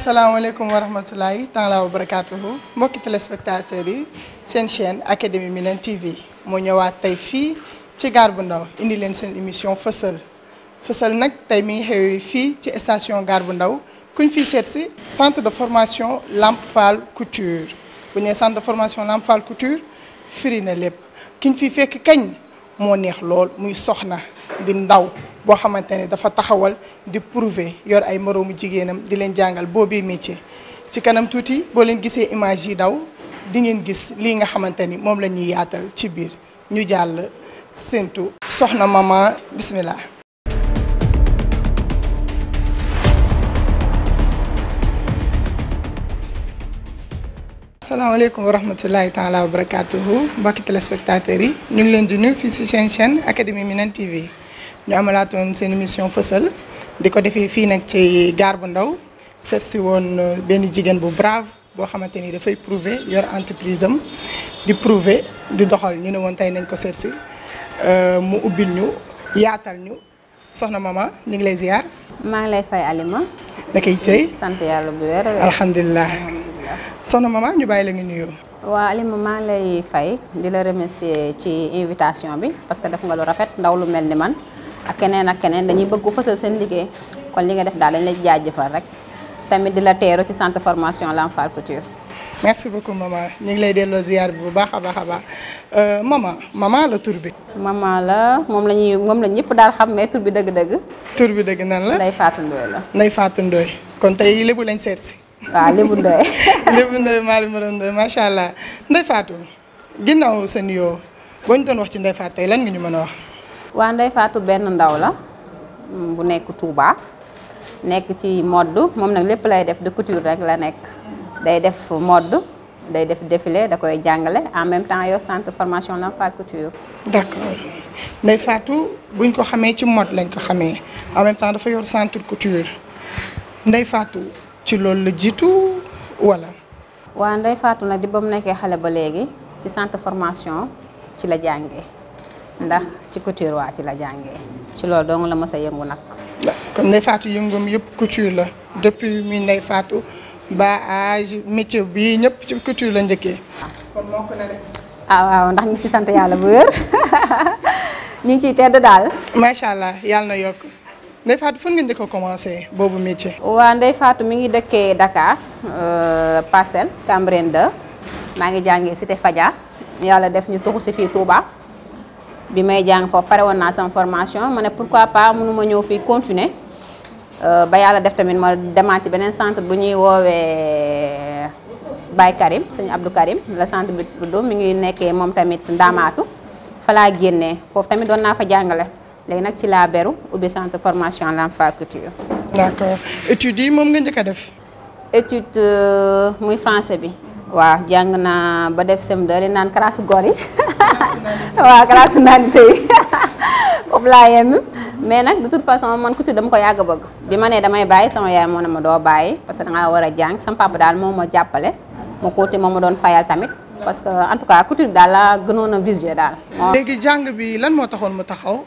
salaamaaleykum wa rahmatulahi taala wa barakaatuhu mbokki téléspectateurs yi seen chaîne académie Minane TV moo ñëwaat tey fii ci gaar bu ndaw indi leen seen émission fësal fësal nag tey mi ngi xew fii ci station gaar bu ndaw kuñ fii seet si centre de formation Lamp Fall Couture bu ñee centre de formation Lamp Fall Couture firi na lépp kiñ fii fekk kañ moo neex lool muy soxna di ndaw boo xamante ne dafa taxawal di prouver yor ay moroomu jigéenam di leen jàngal boobee métier ci kanam tuuti boo leen gisee image yi daw di ngeen gis lii nga xamante ni moom la ñuy yaatal ci biir ñu jàll séentu soxna mama bismillah asalaamaaleykum wa rahmatullahi taala wa barakatuhu mbokki téléspectateurs yi ñu ngi leen di nuyu fii si seen chaîne académie Minane ñu amalaatoon seen émission fësal di ko defee fii nag ci gaar bu ndaw seet si woon euh, benn jigéen bu brave boo xamante ni dafay prouver yor entreprise am di prouver di doxal ñu ne woon tey nañ ko seet si euh, mu ubbil ñu yaatal ñu soxna mama ñu ngi lay ziar. maa ngi lay fay Alima. na sant yàlla bu wér. alhamdulilah soxna mama ñu bàyyi la nga nuyoo. waaw Alima maa lay fay di la remercier ci invitation bi parce que def nga lu rafet ndaw lu mel ni man. ak keneen ak keneen dañuy bëgg ku fësal seen liggéey kon li nga def daal dañ la jaajëfal rek tamit di la teeru ci sant formation la Lamfar Couture. merci beaucoup maman ñu ngi lay delloo ziar bu baax a baax a baax euh, maman maman la tur bi. maman la moom la ñuy moom la ñëpp daal xam mais tur bi dëgg-dëgg. tur bi dëgg nan la Ndeye Fatou Ndoye la. Ndeye Fatou Ndoye kon tey lébu lañ seet si. waaw lébu Ndoye. lébu Ndoye Malim Borom Ndoye macha allah faatu Fatou ginnaaw sa nuyoo boo ñu doon wax ci Ndeye Fatou tey lan nga ñu mën a wax. waa Ndeye faatu benn ndaw la mm, bu nekk Touba nekk ci mode moom nag lépp lay def de couture rek la nekk day def mode day def défilé da koy jàngale en même temps yow centre formation Lamp Fall couture. d'accord Ndeye Fatou buñ ko xamee ci mode lañ ko xamee en même temps dafa yor centre couture Ndeye Fatou ci loolu la jiitu wala. waa Ndeye faatu nag di ba mu nekkee xale ba léegi ci centre formation ci la jànge ndax ci couture waa ci la jànge ci loolu dong la mës a yëngu nag. comme Ndeye Fatou yëngoom yëpp couture la depuis mi Ndeye Fatou ba âge bi ñëpp ci couture la njëkkee. Ah, waaw ndax ñu ci sant yàlla bu wér ñu ngi ciy tedd daal. macha allah yàlla na yokk Ndeye Fatou fan nga njëkk a commencé boobu métier. waa Ndeye Fatou mi ngi dëkkee Dakar euh, Parcelles Cambérène 2 maa ngi jàngee te Fadia yàlla def ñu tuxu si fii Touba. bi may jàng foofu pare woon naa sama formation ma ne pourquoi pas mënu ma ñëw fii continuer euh, ba yàlla def tamit ma demaat ci beneen centre bu ñuy woowee euh, Baye Karim sëñ Abdou Karim la centre bi tudd mi ngi nekkee moom tamit ndaamaatu fa laa génnee foofu tamit doon naa fa jàngale léegi nag ci laa beru ubbi centre formation Lamp Fall Couture. d'accord études yi moom nga njëkk a def. étude euh, muy français bi. waaw jàng naa ba def sem da leen naan classe gor yi waaw classe naalité yi foofu laa yem mais nag de toute façon man couture dama ko yàgg bëgg bi ma nee damay bàyyi sama yaay moo ma doo bàyyi parce que dangaa war a jàng sama papa daal moo ma jàppale ma kóote moo ma doon fayal tamit parce que en tout cas couture daal la gënoon a visé daal. léegi jàng bi lan moo taxoon mu taxaw.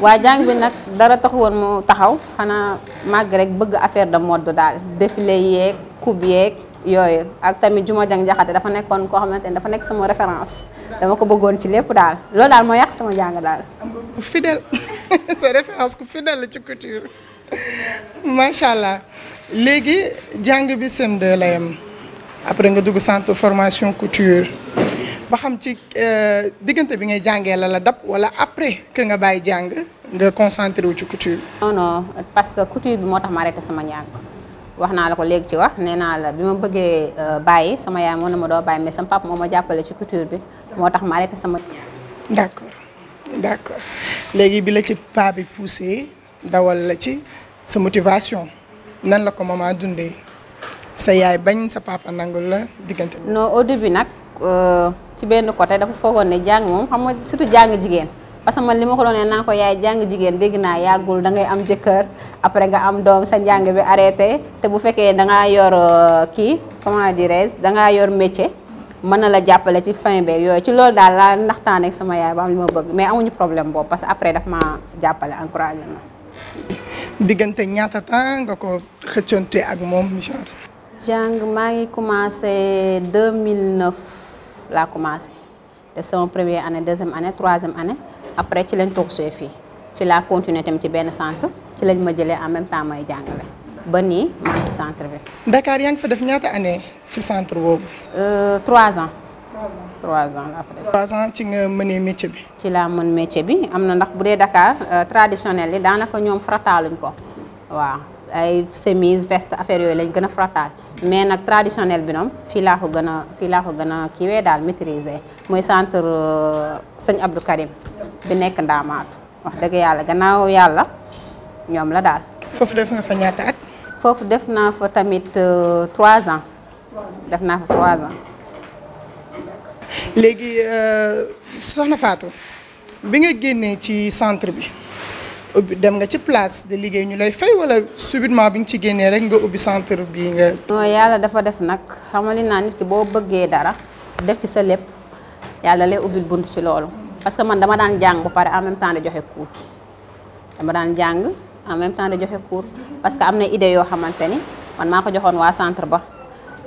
waa jàng bi nag dara woon mu taxaw xanaa màgg rek bëgg affaire de mode daal défilé yeeg coupe yeeg. yooyu ak tamit Juma Jang Jaxate dafa nekkoon koo xamante ne dafa nekk sama référence dama ko bëggoon ci lépp daal loolu daal moo yàq sama jàng daal. am nga ku fidèle sa référence ku fidèle la ci couture macha allah léegi jàng bi CM2 la après nga dugg centre formation couture ba xam ci euh, diggante bi ngay jàngee la la dab wala après que nga bàyyi jàng nga concentré wu ci couture. non non parce que couture bi moo tax ma arrêté sama njàng. wax naa la ko léegi ci wax nee naa la bi ma bëggee euh, bàyyi sama yaay moo ne ma doo bàyyi mais sama papa moo ma jàppale ci couture bi moo tax ma arrêté sama. d' accord d' bi la ci paa bi poussé dawal la ci sa motivation nan la ko maman dundee sa yaay bañ sa papa nangul la diggante. non au début nag euh, ci benn côté dafa foogoon ne jàng moom xam nga surtout jàng jigéen. parce que man li ma ko doon nee naa ko yaay jàng jigéen dégg naa yàggul da ngay am jëkkër après nga am doom sa njàng bi arrêté te bu fekkee da yor euh, kii comment dirais da ngaa yor métier mën na la jàppale ci fin beeg yooyu ci loolu daal laa ndaxtaan ak sama yaay ba am li ma bëgg mais amuñu problème boobu parce que après daf ma jàppale encouragé diggante ñaata temps nga ko xëccante ak moom genre. jàng maa ngi commencé 2009 laa commencé def sama première année deuxième année troisième année. après ci lañ toog suy fii ci laa continuer tamit ci benn centre ci lañ ma jëlee en même ay jàng jàngale ba nii maa ngi centre bi. Dakar yaa ngi fa def ñaata année ci centre boobu. Euh, trois ans. trois ans laa fa def. trois ans ci nga mënee métier bi. ci la mën métier bi am na ndax bu dee Dakar euh, traditionnel yi daanaka ñoom frataaluñ ko waaw ay chemise veste affaire yooyu lañ gën a frataal mais nag traditionnel bi noom fii laa ko gën a fii laa ko gën a kiiwee daal maîtriser mooy centre euh, sëñ Abdou bi nekk ndaamaatu wax dëgg yàlla gannaaw yàlla ñoom la daal. foofu def nga fa ñaata at. foofu def naa fa tamit euh, trois ans. def naa fa trois ans. léegi euh, soxna Fatou bi nga génnee ci centre bi ubbi dem nga ci place de liggéey ñu lay fay wala subitement bi nga ci génnee rek nga ubbi centre bi nga. non yàlla dafa def nag xamali naa nit ki boo bëggee dara def ci sa lépp yàlla lay ubbil bunt ci loolu. parce que man dama daan jàng ba pare en même temps di joxe cours dama daan jàng en même temps di joxe cours parce que am na idée yoo xamante ni man maa ko joxoon waa centre ba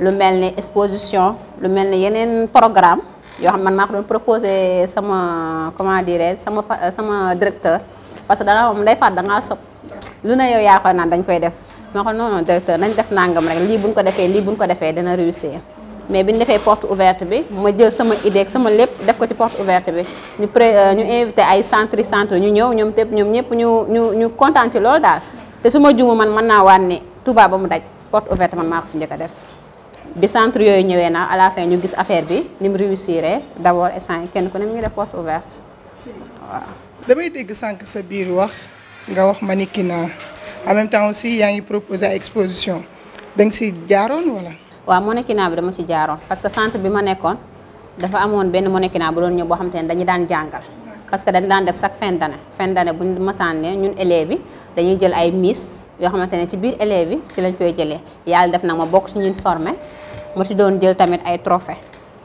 lu mel ni exposition lu mel ni yeneen programme yoo xam man maa ko doon proposé sama comment dirais sama sama directeur parce que danaa moom day faat dangaa sob lu ne yow yaa koy naan dañ koy def ma ko non non directeur nañ def nangam rek lii buñ ko defee lii buñ ko defee dina réussir mais bi ñu defee porte ouverte bi ma jël sama idée ak sama lépp def ko ci porte ouverte bi ñu pré euh, ñu invité ay centre centre ñu ñëw ñoom tépp ñoom ñëpp ñu ñu ñu kontaan ci daal te su ma juumu man mën naa waan ne tubaab ba mu daj porte ouverte man maa ko fi njëkk a def bi centre yooyu ñëwee naa à la fin ñu gis affaire bi ni mu réussir d' abord kenn ku ne mu ngi def porte ouverte waaw. damay dégg sànq sa biir wax nga wax mannequinat en même temps aussi yaa ngi proposé exposition da nga si jaaroon waaw mannequinat bi dama ci jaaroon parce que centre bi ma nekkoon dafa amoon benn mannequinat bu doon ñëw boo xam ne dañu daan jàngal parce que dañu daan def chaque fin d'année fin d'année bu ñu masaan ne ñun ay miss yoo xamante ne ci biir élèves yi ci lañ koy jëlee yàlla def nag ma bokk ci ñun formé ma ci doon jël tamit ay trophée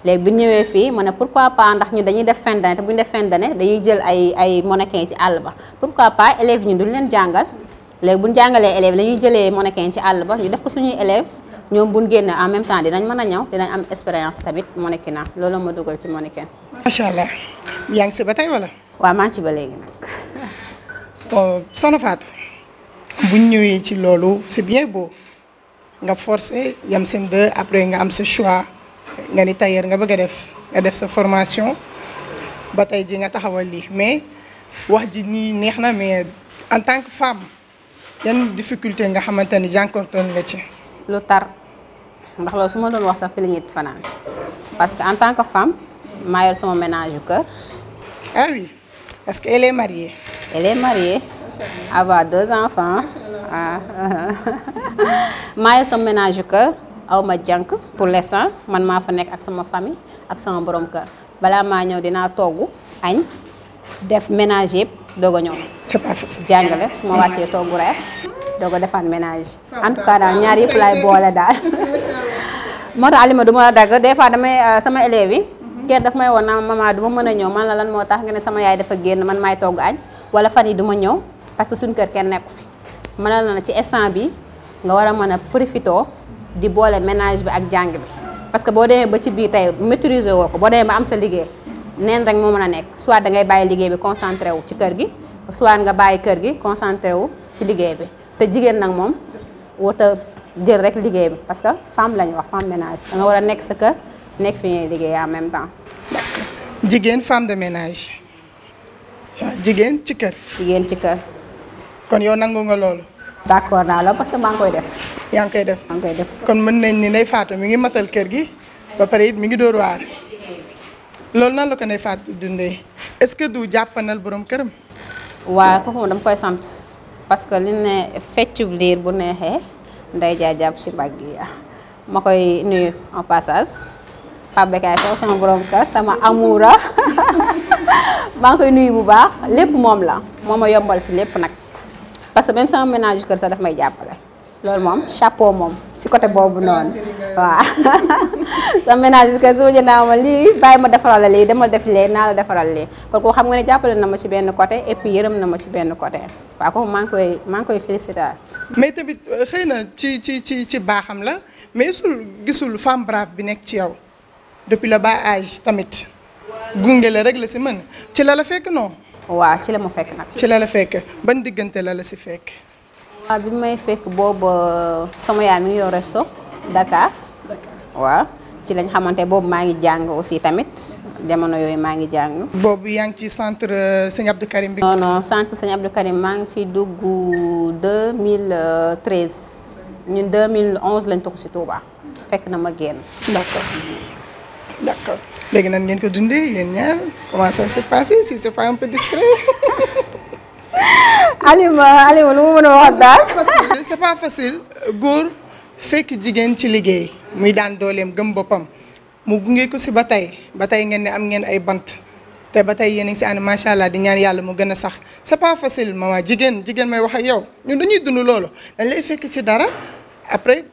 léegi bi ñëwee fii ma ne pourquoi pas ndax ñun dañuy def fin bu ñu def fin dañuy jël ay ay mannequin ci àll ba pourquoi pas élèves ñun duñ leen jàngal léegi bu jàngalee élèves la ñuy jëlee mannequin ci àll ba ñu def ko suñuy élèves ñoom bu ñu en même temps dinañ mën a ñaw dinañ am expérience tamit mannequinat loolu ma dugal ci mannequin. macha allah yaa ngi si ba tey wala. waa maa ngi ci ba léegi nag. soxna Fatou bu ñëwee ci loolu c'est bien beau nga force yam seen deux après nga am sa choix nga ni tailleur nga bëgg a def nga def sa formation ba tey ji nga taxawal lii mais wax ji nii neex na mais en tant que femme yan difficulté nga xamante ni jànkoontoon nga ci. lu tar. ndax la su ma doon wax sa fi la ñuy fanaan parce que en tant que femme maa yor sama ménage kër. ah parce que elle est mariée. elle est mariée. avoir deux enfants. ah maa yor aw ma jànk pour l'instant man maa fa nekk ak sama famille ak sama borom kër balaa maa ñëw dinaa togg añ def ménage yëpp doog a ñëw. c'est jàngale su ma wàccee togg reer. doo ko defaat ménage en tout cas daal ñaar yëpp laay boole daal moo tax Alima du ma la dagg des fois damay euh, sama élèves yi mhm. kenn daf may won naa maman du ma mën a ñëw man la lan moo tax nga ne sama yaay dafa génn man maay togg añ wala fan yi du ma ñëw parce que suñu kër kenn nekku fi mën na la ci instant bi nga war a mën a profitoo di boole ménage bi ak jàng bi parce que boo demee ba ci biir tey maîtriser woo ko boo demee ba am sa liggéey neen rek moo mën a nekk soit da bàyyi liggéey bi concentré wu ci kër gi soit nga bàyyi kër gi concentré wu ci liggéey bi te jigéen nag moom wota jël rek liggéey bi parce que femme lañu wax femme ménage da nga war a nekk sa kër nekk fi ñuy liggéey en même temps. jigéen femme de ménage. Ah, jigéen ci kër. jigéen ci kër. kon yow nangu nga loolu. d' accord naa la parce que maa ngi koy def. yaa ngi koy def maa ngi koy def. kon mën nañ ni Ndeye Fatou mi ngi matal kër gi ba pare it mi ngi dóor waar loolu nan la ko Ndeye Fatou dundee est ce que du jàppanal borom këram. waaw kooku moom dama koy sant. parce que li ne feccub liir bu neexee nday jaay jàpp si mbagg yi ma koy nuyu en passage Pape Bekaay sama borom kër sama amuura maa ngi koy nuyu bu baax lépp moom la moo ma yombal ci lépp nag parce que même sama ménage kër sax dafa may jàppale loolu moom chapeau moom ci côté boobu noonu. waaw sa ménage bi que suñu naa ma lii bàyyi ma defaral la lii dama def lee naa la defaral lii kon koo xam nga ne jàppale na ma ci benn côté et puis yërëm na ma ci benn côté waaw kooku maa ngi koy maa ngi koy féliciter. mais tamit euh, xëy na ci ci ci ci baaxam la mais gisul gisul femme brave bi nekk ci yow depuis le bas âge tamit gunge la rek la si mën ci la la fekk noo waa ci la ma fekk nag. ci la la fekk ban diggante la la si fekk. waaw bi may fekk boobu euh, sama yaay mi ngi yor resto. Dakar. Dakar ci lañ xamante boobu maa ngi jàng aussi tamit jamono yooyu maa ngi jàng. boobu yaa ngi ci centre euh, sëñ Abdou Karim bi. non non centre sëñ Abdou Karim maa ngi fi dugg 2013 ñun 2011 lañ toog si Touba fekk na ma génn. d'accord d'accord léegi nan ngeen ko dundee yéen ñaar comment ça s'est si c'est pas un peu discret. Alima Alima lu ma mën a wax daal. góor. fekk jigéen ci liggéey muy daan dooleem gëm boppam mu gunge ko si ba tey ba tey ngeen ni am ngeen ay bant te ba tey yéen a ngi si ànd macha allah di ñaan yàlla mu gën a sax c'est pas facile maman jigéen jigéen may wax ak yow ñun dañuy dund loolu dañ lay fekk ci dara après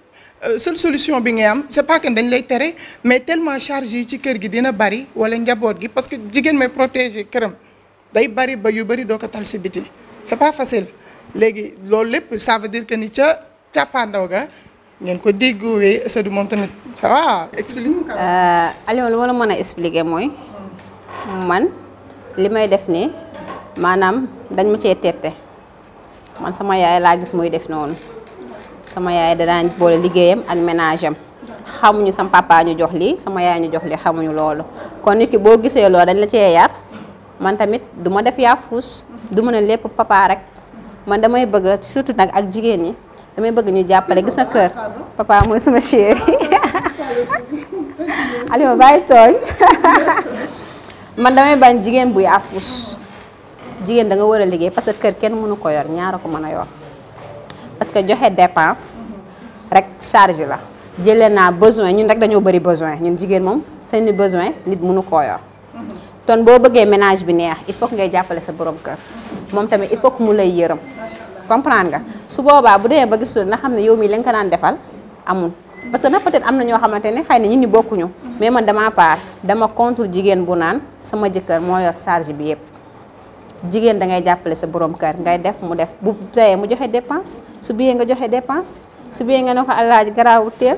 euh, seule solution bi ngay am c'est pas que dañ lay tere mais tellement charge yi ci kër gi dina bari wala njaboot gi parce que jigéen may protéger këram day bari ba yu bari doo ko tal si biti c'est pas léegi loolu lépp ça veut que ni ca càppaandaw ga ngeen ko déggoowee Sadou moom tamit ça va explique. Euh, Aliou mën a expliquer mooy man li may def nii maanaam dañ ma cee tette man sama yaay laa gis muy def noonu sama yaay danaa boole liggéeyam ak ménage am xamuñu sama papa ñu jox lii sama yaay ñu jox lii xamuñu loolu kon nit ki boo gisee loolu dañ la cee yar man tamit du ma def yaa fuus du ma ne lépp papa rek man damay bëgg surtout nag ak jigéen ñi. damay bëgg ñu jàppale gis na kër papa mooy sama chéri Alima bàyyi tooñ man damay bañ jigéen buy afus jigéen da nga war a liggéey parce que kër kenn mënu ko yor ñaara ko mën a yor parce que joxe dépense rek charge la jëlee naa besoin ñun rek dañoo bëri besoin ñun jigéen moom seeni besoin nit mënu koo yor ton boo bëggee ménage bi neex il faut ngay jàppale sa borom kër moom tamit il faut que mu lay yërëm comprendre nga su boobaa bu dee ba gisul na xam ne yow mii la nga ko naan defal amul parce que nag peut-être am na ñoo xamante ne xëy na ñun ñi bokkuñu mais man damaa paar dama contre jigéen bu naan sama jëkkër moo yor charge bi yëpp jigéen da ngay jàppale sa borom kër ngay def mu def bu teyee mu joxe dépense su biyee nga joxe dépense su biyee nga ne ko àllaaji garaawu teel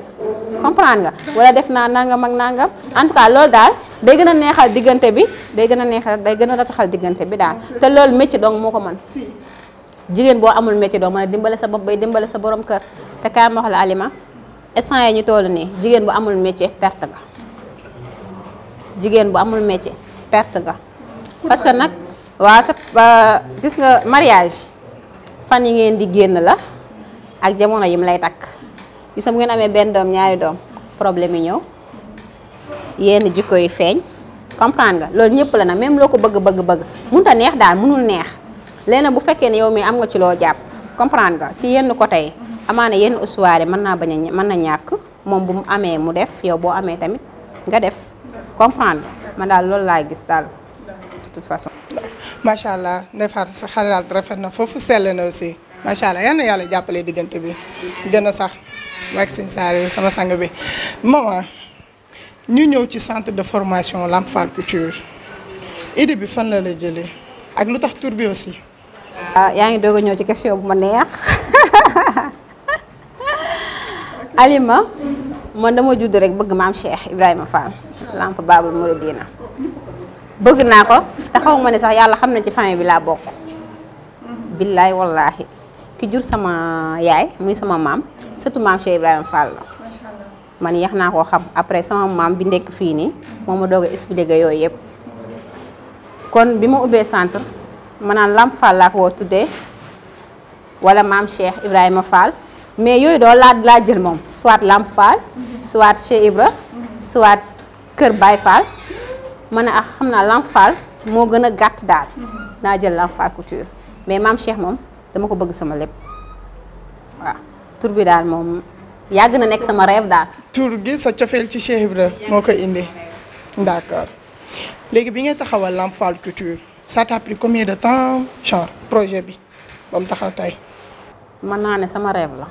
comprendre nga wala def naa nangam ak nangam en tout cas loolu daal day gën a neexal diggante bi day gën a neexal day gën a rataxal diggante bi daal te loolu métier donc moo ko mën jigéen boo amul métier doo mën a dimbale sa bopp bay dimbale sa borom kër te kaay ma la aliment instant yi ñu toll nii jigéen bu amul métier perte nga jigéen bu amul métier perte nga parce que nag waa sa gis nga mariage fan yi ngeen di génn la ak jamono yi yim lay takk gis nga bu ngeen amee benn doom ñaari doom problème yi ñëw yenn jikko yi feeñ comprendre nga loolu ñëpp la nag même loo ko bëgg bëgg bëgg mënut a neex daal mënul neex léegi bu fekkee ne yow mi am nga ci loo jàpp comprendre nga ci yenn côté yi amaana yenn usuwaare mën naa bañ a mën na ñàkk moom bu mu amee mu def yow boo amee tamit nga def comprendre man daal loolu laa gis daal de allah defar sa xalaat rafet na foofu sell na aussi macha allah yal na yàlla jàppalee diggante bi gën a sax vaccine saari sama sang bi maman ñu ñëw ci centre de formation Lamp Fall Couture idée bi fan la la jëlee ak lu tax tur waaw ah, yaa ngi doog a ñëw ci question bu ma neex Alima man dama judd rek bëgg maam Cheikh Ibrahima Fall lamp Baabul Mouridina bëgg naa ko te xaw ma ne sax yàlla xam na ci famille bi laa bokk. billaay wallaahi ki jur sama yaay muy sama maam surtout maam Cheikh Ibrahima Fall la. man yéex naa ko xam après sama maam bi nekk fii nii moo ma doog a yooyu yëpp kon bi ma ubbee centre. ma naan Lamp Fall laa ko woo tuddee wala maam Cheikh Ibrahima Fall mais yooyu doo laa laa jël moom soit Lamp Fall soit Cheikh Ibra soit Kër baay Fall ma ne ah xam naa Lamp Fall moo gën a gàtt daal naa jël Lamp Fall couture mais maam Cheikh moom dama ko bëgg sama lépp waaw tur bi daal moom yàgg na nekk sama rêve daal. tur gi sa cofeel ci Cheikh moo ko indi d'accord léegi bi ngay taxawal Lamp Fall couture. ça t'a pris de temps genre projet bi ba mu taxaw mën naa ne sama rêve la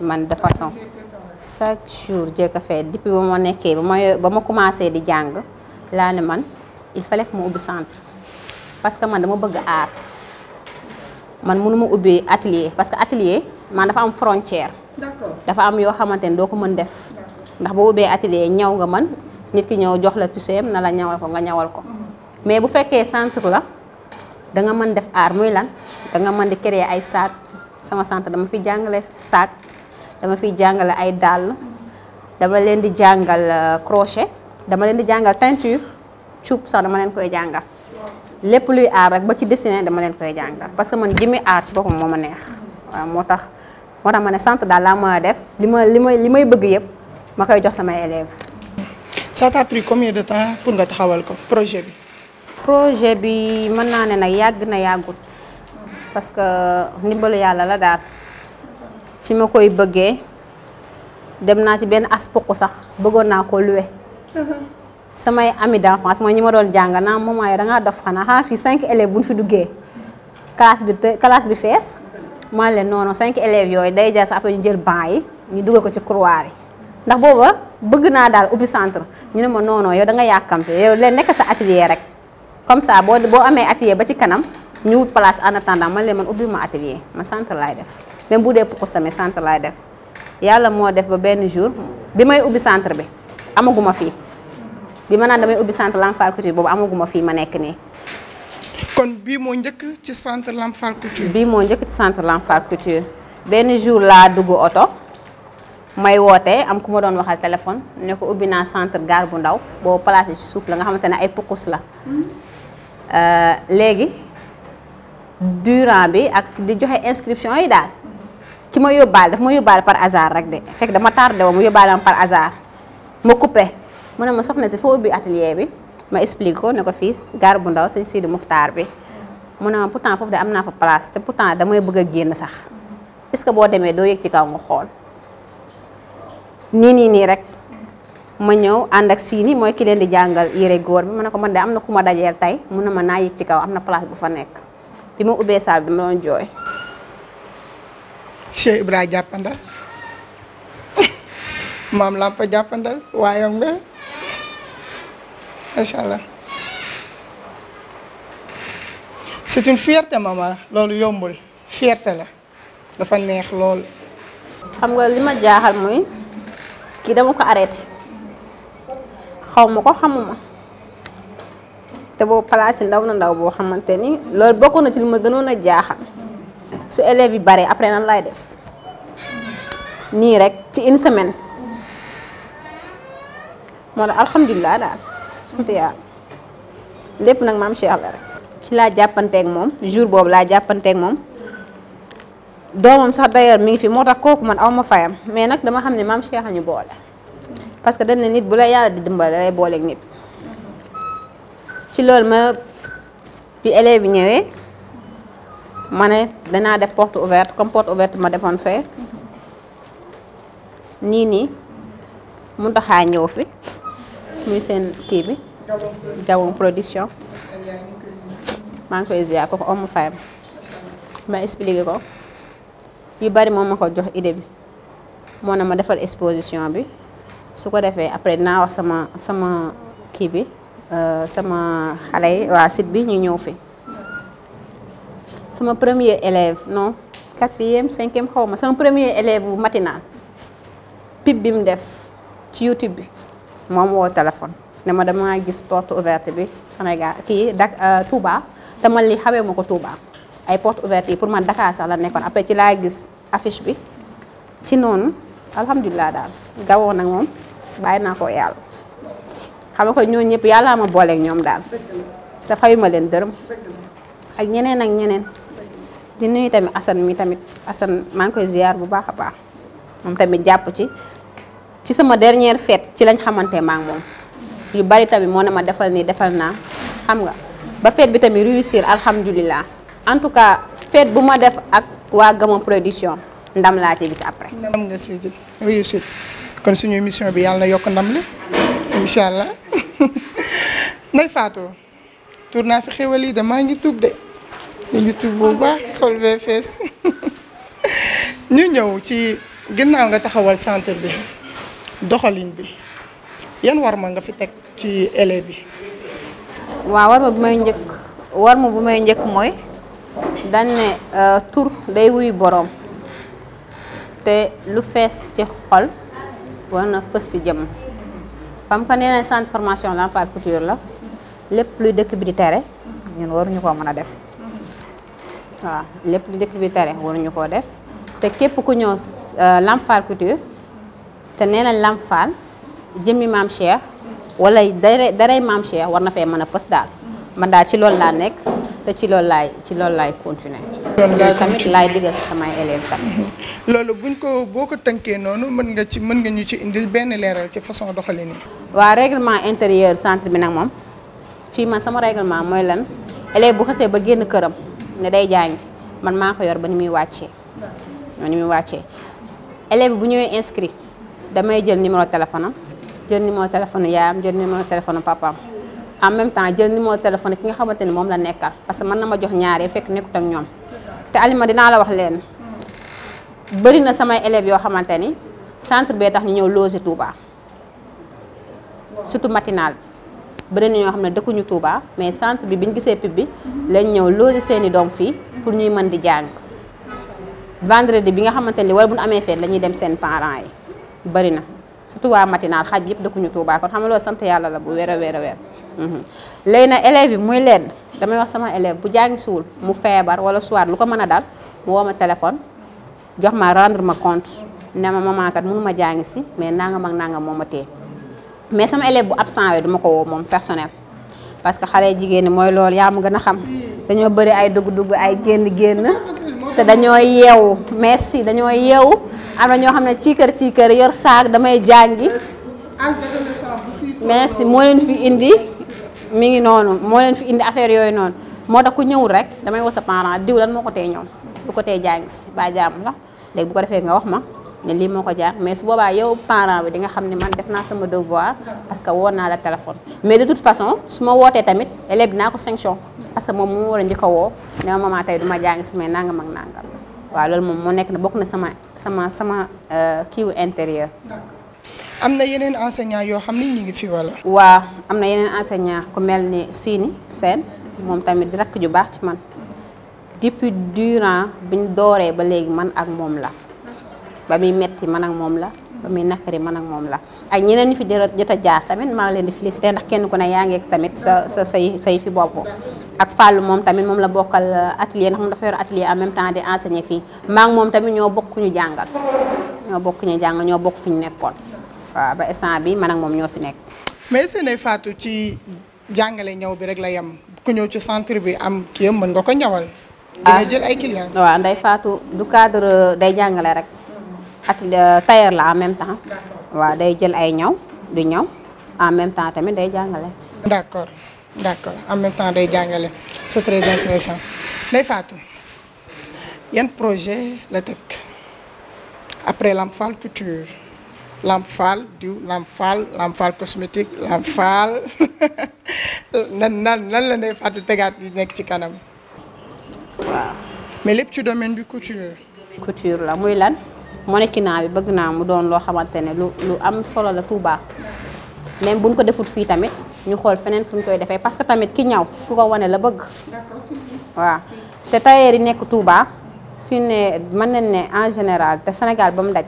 man de façon chaque jour Dieka Fay depuis ba ma nekkee ba ma ba ma commencé di jàng laa ne man il fallait que ma ubbi centre parce que man dama bëgg aar man mënu ma ubbi atelier parce que atelier man dafa am frontière. dafa am yoo xamante ne doo ko mën def. ndax boo ubbee atelier ñaw nga man nit ki ñëw jox la tuseem na la ñawal ko nga ñawal ko. Mhm. mais bu fekkee centre la danga nga mën def aar muy lan da nga mën di créer ay saak sama centre dama fi jàngale saak dama fi jàngale ay dàll dama leen di jàngal euh, crochet dama leen di jàngal teinture cuub sax dama leen koy jàngal lépp luy aar rek ba ci dessiné dama leen koy jàngal parce que man jëmi aar ci boppam moo ma neex waaw moo tax moo tax ma ne centre daal laa ma def li ma li may li may bëgg yëpp ma koy jox sama élèves. ça t'a pris combien de temps pour nga taxawal ko projet bi. projet bi mën naa ne nag yàgg na yàggut parce que ndimbalu yàlla la daal fi ma koy bëggee dem naa ci benn aspoku sax bëggoon naa ko luwe samay ami d'enfance mooy ñi ma doon jàng naa moment yow da ngaa dof xanaa xanaa fii cinq élèves bu ñu fi duggee classe bi te classe bi fees man leen noonu cinq élèves yooyu day jar sa après ñu jël banc yi ñu dugal ko ci couloir yi ndax booba bëgg naa daal ubbi centre ñu ne ma noonoo yow da nga yàkkamte yow leen nekk sa rek comme ça boo de boo amee atelier ba ci kanam ñu wut place en attendant man leen man ubbi ma atelier ma centre laay def même bu dee pour ko samay centre laay def yàlla moo def ba benn jour bi may ubbi centre bi amaguma fii bi ma naan damay ubbi centre Lamp Fall boobu amaguma fii ma nekk nii. kon bii moo njëkk ci centre Lamp Fall bii moo njëkk ci centre Lamp Couture benn jour laa dugg oto may woote am ku ma doon waxal téléphone ne ko ubbi naa centre gare bu ndaw boo placé ci suuf la nga xamante ne ay pukus la. Euh, léegi durant bi ak di joxe inscription yi daal ki ma yóbbaale daf ma yóbbaale par hasard rek de fekk dama tardé woon mu yóbbaale par hasard ma coupé mu ne ma soxna si foo ubbi atelier bi ma explique ko ne ko fii gaar bu ndaw sëñ Sidi Muxtaar bi mun ne ma pourtant foofu de am naa fa place te pourtant damay bëgg a génn sax est que boo demee doo yëg ci kaw nga xool nii nii nii rek ma ñëw ànd ak siini mooy ki leen di jàngal yére góor bi ma ne ko man de am na ku ma dajeel tey mun na ma naa yëg ci kaw am na place bu fa nekk bi ma ubbee saal bi dama jooy. Cheikh Ibrahima jàppandal maam Lampa jàppandal waayam nga macha allah. c'est une loolu yombul fierté la dafa neex lool. xam nga li ma jaaxal mooy kii dama ko arrêté. xaw ma ko xamuma te boobu place ndaw na ndaw boo xamante ni loolu bokkoon na ci li ma gënoon a jaaxal su élèves yi bare après nan laay def nii rek ci une semaine moo tax alhamdulilah daal sant yàlla lépp nag maam Cheikh rek. ci laa jàppanteek moom jour boobu laa jàppanteek moom doomam sax d'ailleurs mi ngi fi moo tax kooku man aw ma fayam mais nag dama xam ne maam Cheikh ñu boole. parce que dem ne nit bu la yàlla di dimbale lay booleeg nit ci loolu ma bi élèves yi ñëwee ma ne danaa def porte ouverte comme porte ouverte ma defoon fee nii nii mu taxaa ñëw fi muy seen kii bi Gabon production maa ngi koy ziar kooku amu fayam ma expliqué ko yu bari moom ma ko jox idée bi moo ne ma defal exposition bi su ko defee après dinaa wax sama sama kii bi euh, sama xale yi waa site bi ñu ñëw fi sama premier élève non quatrième cinquième xaw ma sama premier élève bu matinal pib bi mu def ci YouTube bi moom woo téléphone ne ma dama gis porte ouverte bi Sénégal kii dak euh, Touba te man li xawee ma ko Touba ay porte ouverte yi pour man Dakar sax la nekkoon après ci laa gis affiche bi ci noonu alhamdulilah daal gawoon nag moom bàyyi naa ko yàlla xam nga ko ñooñu ñëpp yàllaa ma booleek ñoom daal te fayuma leen dërëm ak ñeneen ak ñeneen di nuyu tamit Assane mi tamit Assane maa ngi koy ziar bu baax a baax moom tamit jàpp ci ci sama dernière fête ci lañ xamante ma ak moom yu bari tamit moo ne ma defal nii defal naa xam nga ba fête bi tamit réussir alhamdulilah en tout cas fête bu ma def ak waa Gama production ndam laa ci gis après. ndam nga si réussite. kon suñu mission bi yàlla na yokk ndam li incha allah may faatoo tur naa fi xéwal yi damaa ngi tuub de ñu ngi tuub bu baax ñu ñëw ci ginnaaw nga taxawal centre bi doxalin bi yan war ma nga fi teg ci élèves yi. waa war ma bu may njëkk war ma bu may njëkk mooy dañ ne euh, tur day wuy boroom te lu fees ci xol. war na fës si jëmm comme que nee na centre formation Lampar Couture la lépp luy dëkk bi di tere ñun waruñu ko mën a def waaw lépp lu dëkk bi di tere waruñu koo def te képp ku ñëw euh, Lampar Couture te nee na Lampar jëmmi maam Cheikh wala daray daray maam Cheikh war na fee mën a fës daal man daal ci loolu laa nekk. te ci loolu laay ci loolu laay continuer loolu tamit laay diggal si samay élèves tamit mhm. loolu buñ ko boo ko tënkee noonu mën nga ci mën nga ñu ci indil benn leeral ci façon doxalin waa règlement intérieur centre bi nag moom fii man sama règlement mooy lan élève bu xasee ba génn këram ne day jàngi man maa ko yor ba ni muy wàccee ba ni muy wàccee élève bu ñëwee inscrit damay jël numéro téléphone am jël numéro téléphone yaayam jël numéro téléphone papaam en même temps jël numéro téléphone ki nga xamante ni moom la nekkal parce que mën na ma jox ñaaree fekk nekkut ak ñoom te Alima dinaa la wax leen bëri na samay élèves yoo xamante ni centre bee tax ñu ñëw loger Touba surtout matinal bi na ñoo xam ne dëkkuñu Touba mais centre bi biñ gisee pub bi lañ ñëw loger seeni doom fii pour ñuy mën di jàng vendredi bi nga xamante ni wala bu ñu amee feet la ñuy dem seen parent yi bëri na surtout waa matinal xaaj yëpp dëkkuñu Touba kon xam nga loolu sant yàlla la bu wér a wér a mhm. léegi nag élève yi muy leen damay wax sama élève bu jàngi suwul mu feebar wala soit lu ko mën a dal mu woo ma téléphone jox ma rendre ma compte ne ma maman kat mënu ma jàngi si mais nangam ak nangam moo ma téye mais sama élève bu absent we du ma ko woo moom personnel parce que xale jigéen ñi mooy loolu yaa ma gën a xam dañoo bëri ay dugg-dugg ay génn-génn te dañoo yeewu merci dañoo yeewu am na ñoo xam ne ci kër ci kër yor saag damay jàngi merci moo leen fi indi mi ngi noonu moo leen fi indi affaire yooyu noonu moo tax ku ñëwul rek damay wax sa parent diw lan moo ko tee ñëw du ko tee jàngi si ba jàmm la léegi bu ko defee nga wax ma ne lii moo ko jaar mais su boobaa yow parent bi di nga xam ne man def naa sama devoir parce que woo naa la téléphone mais de toute façon su ma wootee tamit élève naa ko sanction parce que moom moo war a njëkk a woo ne ma maman tey du ma jàng si mais nangam ak nangam waa loolu moom moo nekk na bokk na sama sama sama euh, kiiwu intérieur. am na yeneen enseignant yoo xam ne ñu ngi fi wala. waa am na yeneen enseignant ku mel ni Sini seen moom tamit di rakk ju baax ci man depuis durant biñ dooree ba léegi man ak moom la. ba muy metti man moom la ba muy nakari man moom la ak ñeneen ñu fi jot a jaar tamit maa ngi leen di félicité ndax kenn ku ne yaa ngeeg tamit sa sa say say fi bopp ak Fallou moom tamit moom la bokkal euh, atelier ndax moom dafa yor atelier en même temps fii maa ngi moom tamit ñoo bokk ñu jàngal ñoo bokk ñu ñoo bokk fi ñu nekkoon waaw ba instant bi man ak moom ñoo fi nekk mais seen ay Fatou ci jàngale ñëw bi rek la yem ku ñëw ci centre bi am kii mën nga ko ñawal ah. dina jël ay clients waaw nday du cadre euh, day jàngale rek ak tailleur la en même temps waaw day jël ay ñaw di ñaw en même temps tamit day jàngale d'accord d'accord en même temps day jàngale c'est très intéressant projet la teg après Lamp Fall Couture Lamp Fall diw Lamp Fall Lamp Fall cosmétique Lamp Fall nan nan nan la Ndeye Fatou tegaat yi nekk ci kanam waaw mais lépp ci domaine bi couture couture la muy lan mannequinat bi bëgg naa mu doon loo xamante ne lu lu am solo la Touba même buñ ko defut fii tamit ñu xool feneen fuñ koy defee parce que tamit ki ñaw ku ko wane la bëgg waaw te tailleur yi nekk Touba fi ne mën nañ ne en général te Sénégal ba mu daj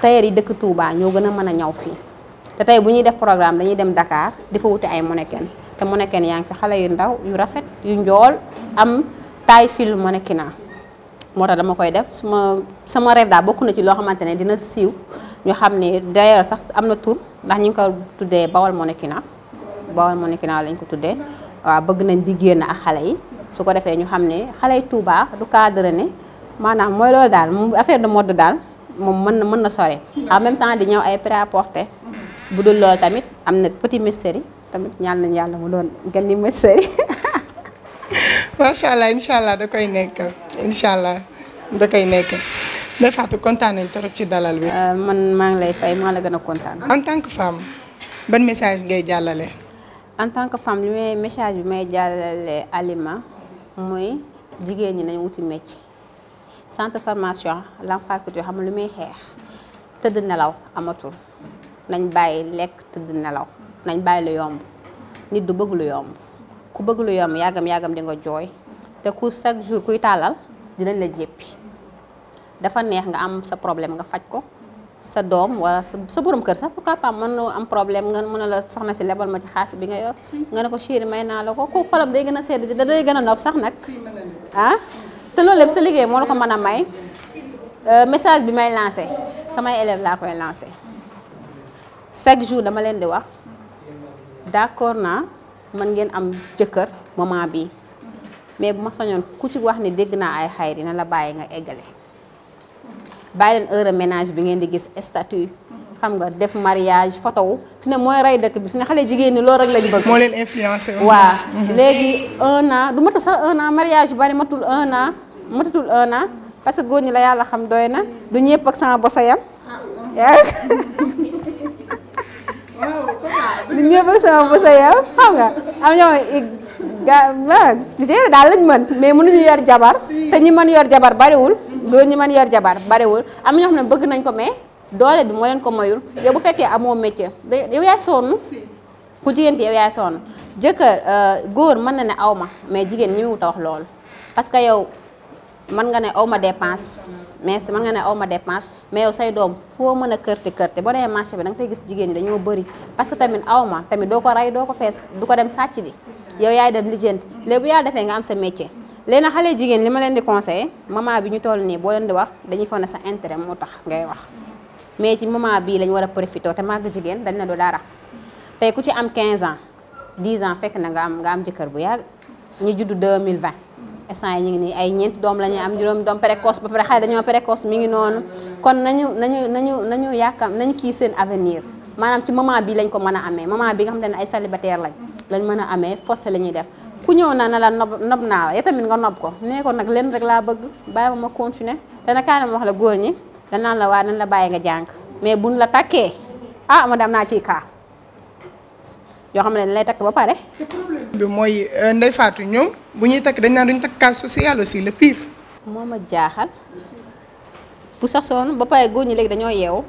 tailleur yi dëkk Touba ñoo gën a mën a ñaw fii te tey bu ñuy def programme dañuy dem dakaar di fa wuti ay mannequin te mannequin yaa ngi fi xale yu ndaw yu rafet yu njool am taille fil mannequinat moo tax dama koy def su ma sama rêve daal bokk na ci loo xamante ne dina siiw ñu xam ne d'ailleurs sax am na tur ndax ñu ngi ko tuddee Baol Monekina Baol Monekina lañ ko tuddee waaw bëgg nañ di génn ak xale yi su ko defee ñu xam ne xale yi Touba du cadre ne maanaam mooy loolu daal mu affaire de mode daal moom mën na mën na sore en même temps di ñëw ay prêt à bu dul loolu tamit am na petit mystère tamit ñaan nañ yàlla mu doon gan ni mystère macha incha allah da koy nekk Ndeye Fatou kontaan nañ trop ci dalal bi. Euh, man maa ngi lay fay maa la gën a kontaan. en tant que femme ban message ngay jàllale. en tant que femme li may message bi may jàllale Alima mooy jigéen ñi nañu wuti métier centre formation Lamfar Couture xam lu muy xeex tëdd nelaw amatul nañ bàyyi lekk tëdd nelaw nañ bàyyi lu yomb nit du bëgg lu yomb ku bëgg lu yomb yàggam yàggam di nga jooy te ku chaque jour kuy tàllal dinañ la jéppi dafa neex nga am sa problème nga faj ko sa doom wala sa sa borom kër sax pourquoi pas mën na am problème nga mën a la soxna si lebal ma ci xaalis bi nga yor nga ne ko chéri may naa la ko ku xolam day gën a sedd da day gën a nopp sax nag ah te loolu sa liggéey moo la ko mën a may euh, message bi may lancé samay élève laa koy lancé chaque jour dama leen di wax d'accord naa mën ngeen am jëkkër moment bi mais bu ma sañoon ku ci wax ni dégg naa ay xay dina la bàyyi nga eggale bàyyi leen heure ménage bi ngeen di gis statut xam nga def mariage photo wu fi ne mooy rey dëkk bi fi ne xale jigéen ni loolu rek lañ bëgg. moo leen influencé waaw mhm. léegi un an du matul sax un an mariage bari matul un an matatul un an parce que góor ñi la yàlla xam doy na du ñëpp ah, ak sama bosa yam xam nga am ñoo gaa waaw daal lañ mën mais mënuñu yor jabar te ñi mën yor jabar bariwul góor ñi mën yor jabar bariwul am na ñoo xam ne bëgg nañ ko mais doole bi moo leen ko mayul yow bu fekkee amoo métier yow yaay sonn ku jigéen ki yow yaay sonn jëkkër euh, góor mën na ne aw ma mais jigéen ñi mu wut a wax loolu parce que yow man nga ne aw ma dépense mais mën nga ne aw ma dépense mais yow say doom foo mën a kërte kërte boo demee marché bi da nga fay gis jigéen ñi dañoo bëri parce que tamit aw ma tamit doo ko rey doo ko fees du ko dem sàcc ji yow yaay dem lijjanti léegi bu yàlla defee nga am sa métier léegi nag xale jigéen li ma leen di conseillé moment bi ñu toll nii boo leen di wax dañuy foog ne sa intérêt moo tax ngay wax mais ci moment bii lañ war a profité te màgg jigéen dañ na du dara tey ku ci am 15 ans 10 ans fekk na nga am nga am jëkkër bu yàgg ñu judd 2020 instant yi ñu ngi nii ay ñeent doom la ñuy am juróom doom précoce ba pare xale dañoo précoce mi ngi noonu kon nañu nañu nañu nañu yàkkam nañu kii seen avenir maanaam ci moment bi lañ ko mën a amee moment bi nga xam ne ay célibataire lañ lañ mën a amee forcé la ñuy def ku ñëw naa ne la nob nob naa la ya tamit nga nob ko nee ko nag leen rek laa bëgg bàyyi ma ma continuer te nag kaay ma wax la góor ñi danaan la waa nañ la bàyyi nga jàng mais buñ la takkee ah dam naa ciy kaa yoo xam ne dañ lay takk ba pare. te problème bi mooy euh, Ndeye Fatou bu ñuy takk dañ naan duñ takk cas social aussi le pire. moo ma jaaxal bu sax soon ba pare góor ñi léegi dañoo yeewu.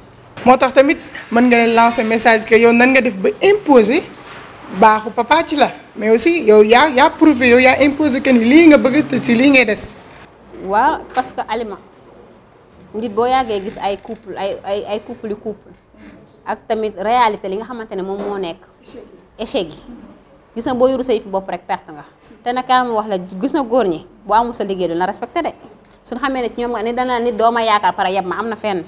moo tax tamit mën nga leen lancer message que yow nan nga def ba imposer. baaxu papa ci la mais aussi yow ya yaa prouvé yow yaa imposé que lii nga bëgg te ci ngay des. waaw parce que Alima nit boo yàggee gis ay couple ay ay ay couple ak tamit réalité li nga xamante ne moom moo nekk échec yi gis na boo yoru sa yëfi bopp rek perte nga. te nag ma wax la gis na góor ñi boo amul sa liggéey du la respecté de suñu xamee ne ci ñoom nga ni dana nit doo ma yaakaar pare yem ma am na fenn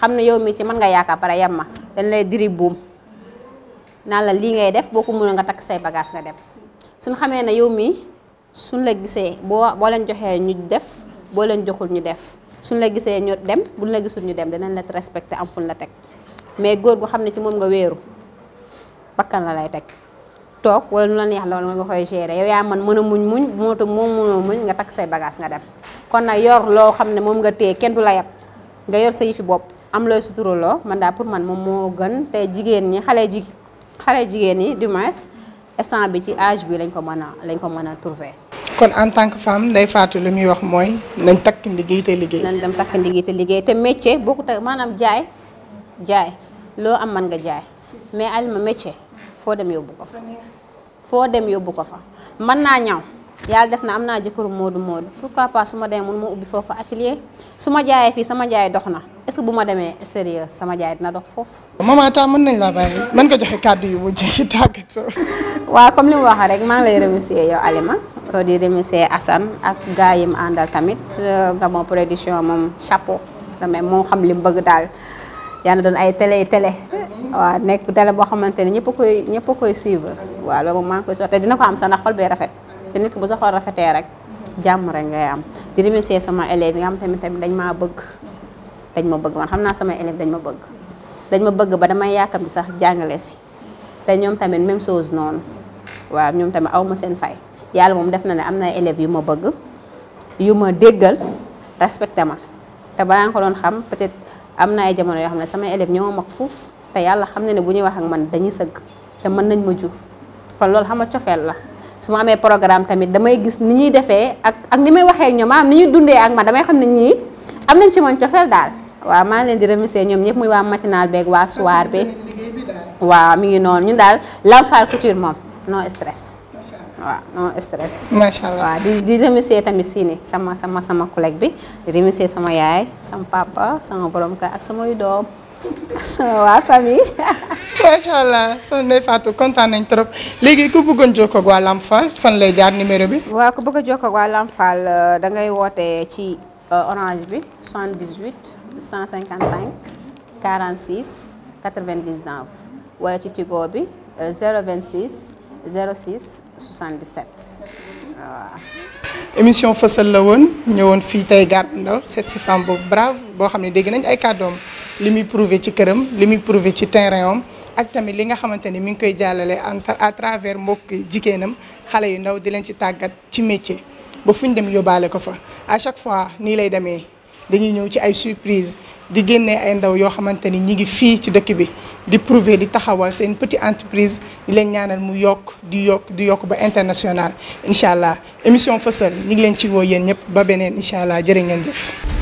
xam ne yow mi ci man nga yaakaar pare yem ma dañ lay diri buum. naa la lii ngay def boo ko mënoo nga takk say bagaas nga dem suñ xamee ne yow mi suñ la gisee boo boo leen joxee ñu def boo leen joxul ñu def suñ la gisee ñu dem buñ la gisul ñu dem danañ la respecté am la teg mais góor gu xam ne ci moom nga wéeru bakkan la lay teg toog wala la neex loolu nga koy gérer man mën a muñ muñ bu moto moom mënoo muñ nga takk say bagage nga dem kon nag yor loo xam ne moom nga téye kenn du la yab nga yor sa yi bopp am looy suturaloo man daa pour man moom moo gën te jigéen ñi xale ji xale jigéen yi du moins bi ci âge bi lañ ko mën a lañ ko mën a trouver. kon en tant que femme Ndeye Fatou li muy wax mooy nañ takk ndigg te liggéey. nañ dem takk ndigg te liggéey te métier boo ko takk maanaam jaay jaay loo am man nga jaay mais alima métier foo dem yóbbu ko fa. foo dem yóbbu ko fa mën naa ñaw. yàlla def na am naa jëkkëru moodu moodu pourquoi pas su ma demee mun ma ubbi foofu atelier su ma jaayee fii sama jaay dox na est-ce que bu ma demee sérieux sama jaay dina dox foofu. maman ta mën nañ laa bàyyi mën nga joxe kàddu yu mujj yi waaw comme li mu waxee rek maa ngi lay remercier yow Alima di remercier ak gars yi mu àndal tamit euh, Gabon production moom chapeau damay moo xam li mu bëgg daal yàlla doon ay télé télé. waaw nekk télé boo xamante ne ñëpp koy ñëpp a koy suivre waaw loolu moom maa koy soxla te dina ko am sa na xol bee rafet. te nit bu sa xol rafetee rek jàmm rek ngay am di remercier sama élèves yi nga xam tamit tamit dañ maa bëgg dañ ma bëgg man xam naa sama élèves dañ ma bëgg dañ ma bëgg ba damay yàkkam bi sax jàngale si te ñoom tamit même chose noonu waaw ñoom tamit aw ma seen fay yàlla moom def na ne am na élèves yu ma bëgg yu ma déggal respecté ma te balaa nga ko doon xam peut-être am na ay jamono yoo xam ne samay élèves ñoo mag fuuf te yàlla xam na ne bu ñuy wax ak man dañuy sëgg te mën nañ ma jur kon loolu xam nga cofeel la su ma amee programme tamit damay gis ni ñuy defee ak ak ni may waxee ak ñoom maanaam ni ñuy dundee ak ma damay xam ne ñii am nañ ci man cofeel daal waaw maa leen di remercier ñoom ñëpp muy waa matinal beeg waa soir bi waaw mi ngi noonu ñu daal Lamfal Couture moom non stress waaw non stress macha allah tamit siini sama sama sama collègue bi di remercier sama yaay sama papa sama borom kër ak samay doom waa famille. macha allah soxna Ndeye Fatou kontaan nañ trop léegi ku bëggoon jokkoo ak waa Lamp fan lay jaar numéro bi. waaw ku bëgg a jokkoo ak waa Lamp euh, da ngay woote ci euh, orange bi 78 155 46 99 wala ci Tigo bi 026 06 77 waaw. émission fësal la woon ñëwoon fii tey Garba Ndao seet si femme boobu brave boo xam ne dégg nañ ay kàddoom li muy prouver ci këram li muy prouver ci terrain am ak tamit li nga xamante ni mi ngi koy jàllale à travers mbokk jigéenam xale yu ndaw di leen ci tàggat ci métier ba fu ñu dem yóbbaale ko fa à chaque fois nii lay demee dañuy ñëw ci ay surprise di génnee ay ndaw yoo xamante ni ñi ngi fii ci dëkk bi di prouver di taxawal seen petite entreprise di leen ñaanal mu yokk di yokk di yokk ba international incha allah émission Fësël ñi ngi leen ci woo yéen ñëpp ba beneen incha allah jërë ngeen jëf